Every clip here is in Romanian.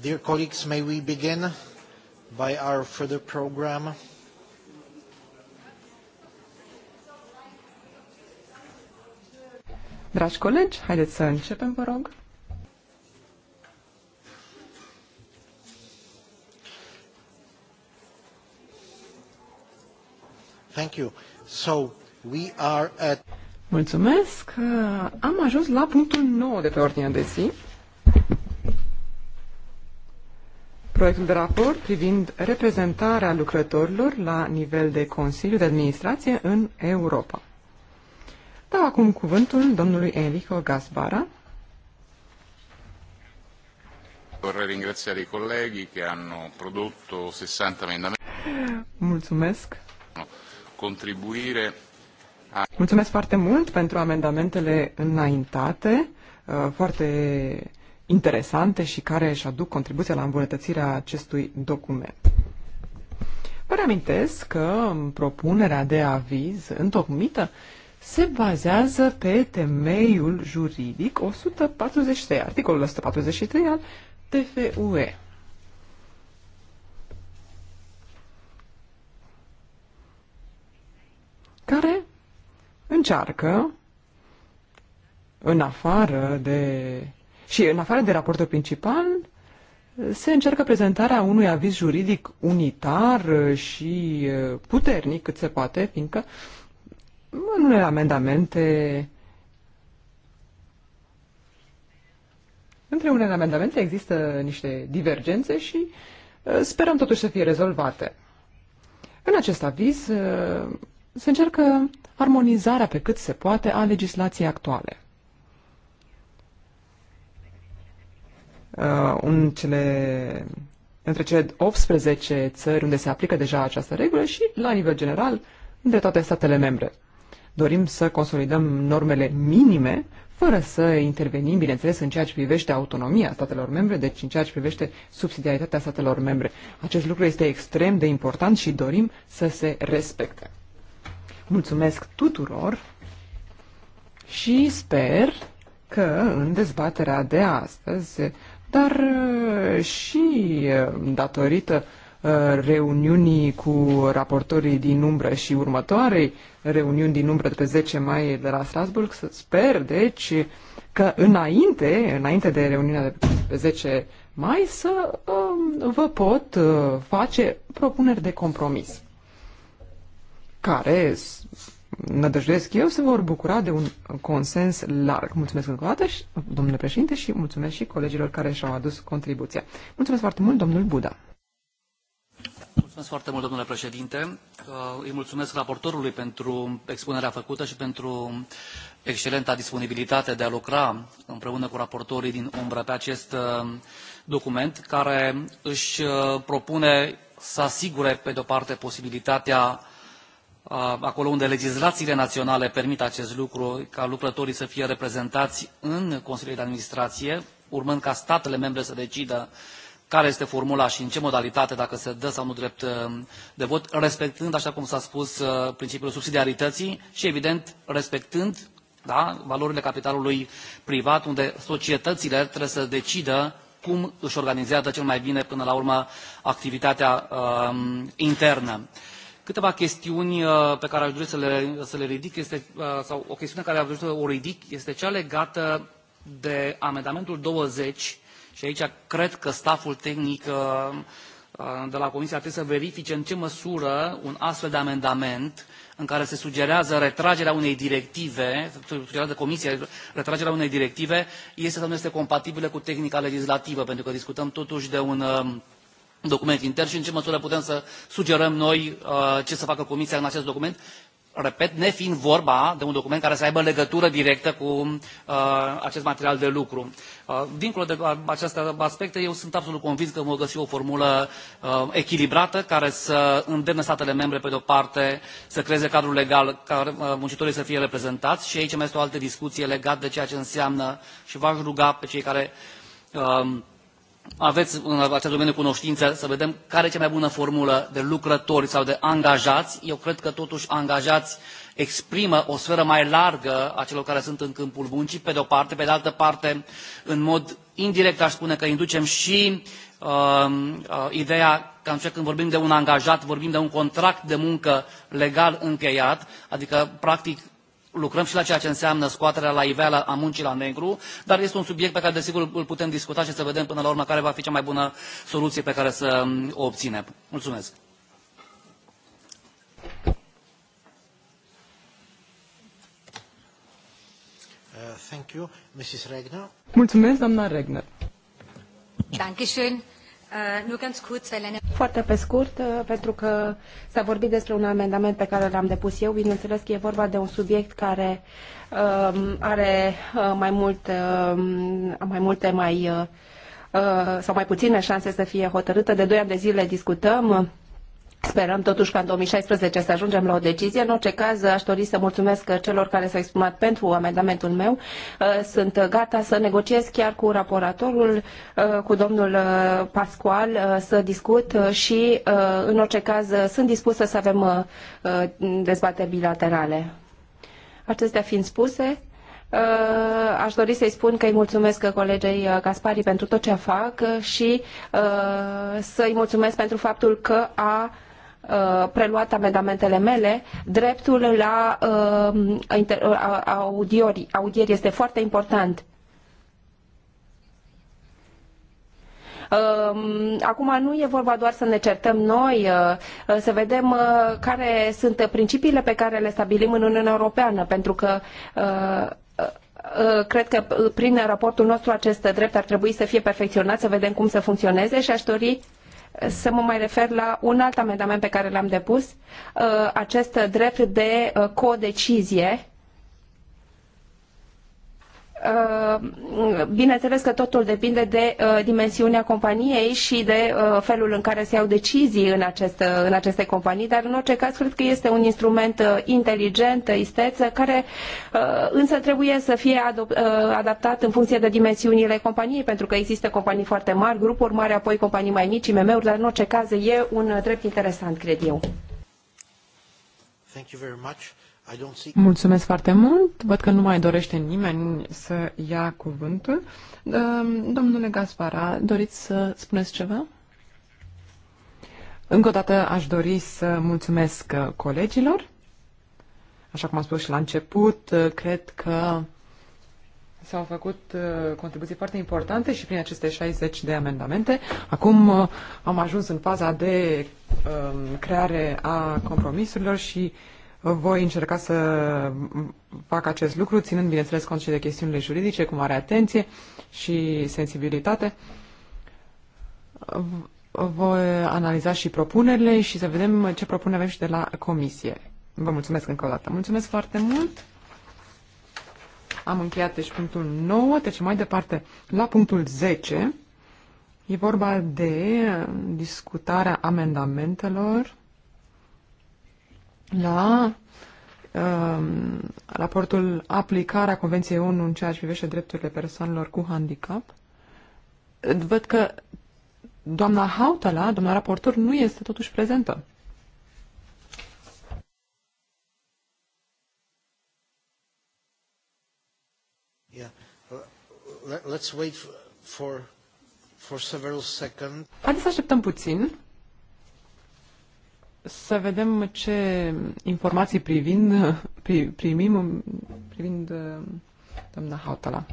Dear colleagues, may we begin by our further program? Dragi colegi, haideți să începem, vă rog. Thank you. So, we are at... Mulțumesc. Am ajuns la punctul 9 de pe ordinea de zi. proiectul de raport privind reprezentarea lucrătorilor la nivel de Consiliu de Administrație în Europa. Dau acum cuvântul domnului Enrico Gasbara. Vorrei ringraziare i colleghi che hanno prodotto 60 emendamenti. Mulțumesc. Contribuire a... Mulțumesc foarte mult pentru amendamentele înaintate, uh, foarte interesante și care își aduc contribuția la îmbunătățirea acestui document. Vă reamintesc că propunerea de aviz întocmită se bazează pe temeiul juridic 143, articolul 143 al TFUE. care încearcă, în afară de și în afară de raportul principal, se încearcă prezentarea unui aviz juridic unitar și puternic cât se poate, fiindcă în unele amendamente Între unele amendamente există niște divergențe și sperăm totuși să fie rezolvate. În acest aviz se încearcă armonizarea pe cât se poate a legislației actuale. uh, un cele, între cele 18 țări unde se aplică deja această regulă și, la nivel general, între toate statele membre. Dorim să consolidăm normele minime, fără să intervenim, bineînțeles, în ceea ce privește autonomia statelor membre, deci în ceea ce privește subsidiaritatea statelor membre. Acest lucru este extrem de important și dorim să se respecte. Mulțumesc tuturor și sper că în dezbaterea de astăzi dar uh, și uh, datorită uh, reuniunii cu raportorii din umbră și următoarei reuniuni din umbră de pe 10 mai de la Strasburg. Sper, deci, că înainte, înainte de reuniunea de pe 10 mai să um, vă pot face propuneri de compromis care nădăjduiesc eu, se vor bucura de un consens larg. Mulțumesc încă o dată, domnule președinte, și mulțumesc și colegilor care și-au adus contribuția. Mulțumesc foarte mult, domnul Buda. Mulțumesc foarte mult, domnule președinte. Uh, îi mulțumesc raportorului pentru expunerea făcută și pentru excelenta disponibilitate de a lucra împreună cu raportorii din umbră pe acest uh, document, care își uh, propune să asigure, pe de-o parte, posibilitatea acolo unde legislațiile naționale permit acest lucru, ca lucrătorii să fie reprezentați în Consiliul de Administrație, urmând ca statele membre să decidă care este formula și în ce modalitate, dacă se dă sau nu drept uh, de vot, respectând, așa cum s-a spus, uh, principiul subsidiarității și, evident, respectând da, valorile capitalului privat, unde societățile trebuie să decidă cum își organizează cel mai bine, până la urmă, activitatea uh, internă. Uh, Câteva chestiuni uh, pe care aș dori să le, să le ridic, este, uh, sau o chestiune care aș dori să o ridic, este cea legată de amendamentul 20 și aici cred că staful tehnic uh, de la Comisia trebuie să verifice în ce măsură un astfel de amendament în care se sugerează retragerea unei directive, sugerează Comisia retragerea unei directive, este sau nu este compatibilă cu tehnica legislativă, pentru că discutăm totuși de un um, document intern și în ce măsură putem să sugerăm noi uh, ce să facă Comisia în acest document, repet, nefiind vorba de un document care să aibă legătură directă cu uh, acest material de lucru. Uh, dincolo de aceste aspecte, eu sunt absolut convins că vom găsi o formulă uh, echilibrată care să îndemne statele membre, pe de-o parte, să creeze cadrul legal ca uh, muncitorii să fie reprezentați și aici mai este o altă discuție legată de ceea ce înseamnă și v-aș ruga pe cei care uh, aveți în acest domeniu cunoștință, să vedem care e cea mai bună formulă de lucrători sau de angajați. Eu cred că totuși angajați exprimă o sferă mai largă a celor care sunt în câmpul muncii, pe de o parte, pe de altă parte, în mod indirect aș spune că inducem și uh, uh, ideea că atunci când vorbim de un angajat, vorbim de un contract de muncă legal încheiat, adică practic lucrăm și la ceea ce înseamnă scoaterea la iveală a muncii la negru, dar este un subiect pe care desigur îl putem discuta și să vedem până la urmă care va fi cea mai bună soluție pe care să um, o obținem. Mulțumesc! Uh, thank you. Mrs. Regner. Mulțumesc, doamna Regner. Dankeschön. Uh, nur ganz kurz, weil eine foarte pe scurt, uh, pentru că s-a vorbit despre un amendament pe care l-am depus eu. Bineînțeles că e vorba de un subiect care um, uh, are mai, mult, uh, mai multe mai uh, uh, sau mai puține șanse să fie hotărâtă. De doi ani de zile discutăm Sperăm totuși ca în 2016 să ajungem la o decizie. În orice caz, aș dori să mulțumesc celor care s-au exprimat pentru amendamentul meu. Uh, sunt gata să negociez chiar cu raportorul, uh, cu domnul uh, Pascual, să discut și, în orice caz, sunt dispusă să avem dezbateri bilaterale. Acestea fiind spuse, aș dori să-i spun că îi mulțumesc colegei Caspari pentru tot ce fac și să-i mulțumesc pentru faptul că a Uh, preluat amendamentele mele, dreptul la uh, uh, audieri, audieri este foarte important. Um, acum nu e vorba doar să ne certăm noi, să vedem care sunt principiile pe care le stabilim în Uniunea Europeană, pentru că cred că prin raportul nostru acest drept ar trebui să fie perfecționat, să vedem cum să funcționeze și aș dori să mă mai refer la un alt amendament pe care l-am depus, uh, acest drept de uh, codecizie bineînțeles că totul depinde de uh, dimensiunea companiei și de uh, felul în care se iau decizii în, acest, uh, în aceste companii, dar în orice caz cred că este un instrument inteligent, isteț, care însă trebuie să fie adaptat în funcție de dimensiunile companiei, pentru că există companii foarte mari, grupuri mari, apoi companii mai mici, IMM-uri, dar în orice caz e un drept interesant, cred eu. Thank you very much. Mulțumesc foarte mult. Văd că nu mai dorește nimeni să ia cuvântul. Domnule Gaspara, doriți să spuneți ceva? Încă o dată aș dori să mulțumesc colegilor. Așa cum am spus și la început, cred că s-au făcut uh, contribuții foarte importante și prin aceste 60 de amendamente. Acum uh, am ajuns în faza de um, creare a compromisurilor și voi încerca să fac acest lucru, ținând, bineînțeles, cont și de chestiunile juridice, cu mare atenție și sensibilitate. Voi analiza și propunerile și să vedem ce propunere avem și de la comisie. Vă mulțumesc încă o dată. Mulțumesc foarte mult! Am încheiat deci punctul 9, deci mai departe la punctul 10. E vorba de discutarea amendamentelor la um, raportul aplicarea Convenției ONU în ceea ce privește drepturile persoanelor cu handicap, văd că doamna Hautala, doamna raportor, nu este totuși prezentă. Yeah. Let's wait for, for several seconds. Haideți să așteptăm puțin să vedem ce informații privind, pri, primim privind uh, doamna Hautala.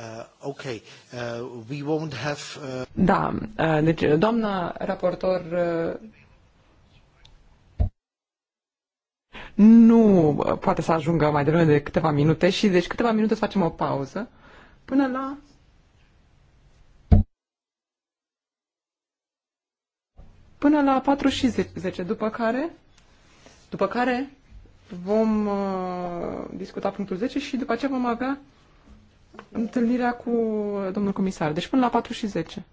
Uh, okay, uh, we won't have... Uh, da, deci doamna raportor nu poate să ajungă mai devreme de câteva minute și deci câteva minute să facem o pauză până la până la 4 și 10, după care după care vom uh, discuta punctul 10 și după aceea vom avea întâlnirea cu domnul comisar. Deci până la 4 și 10.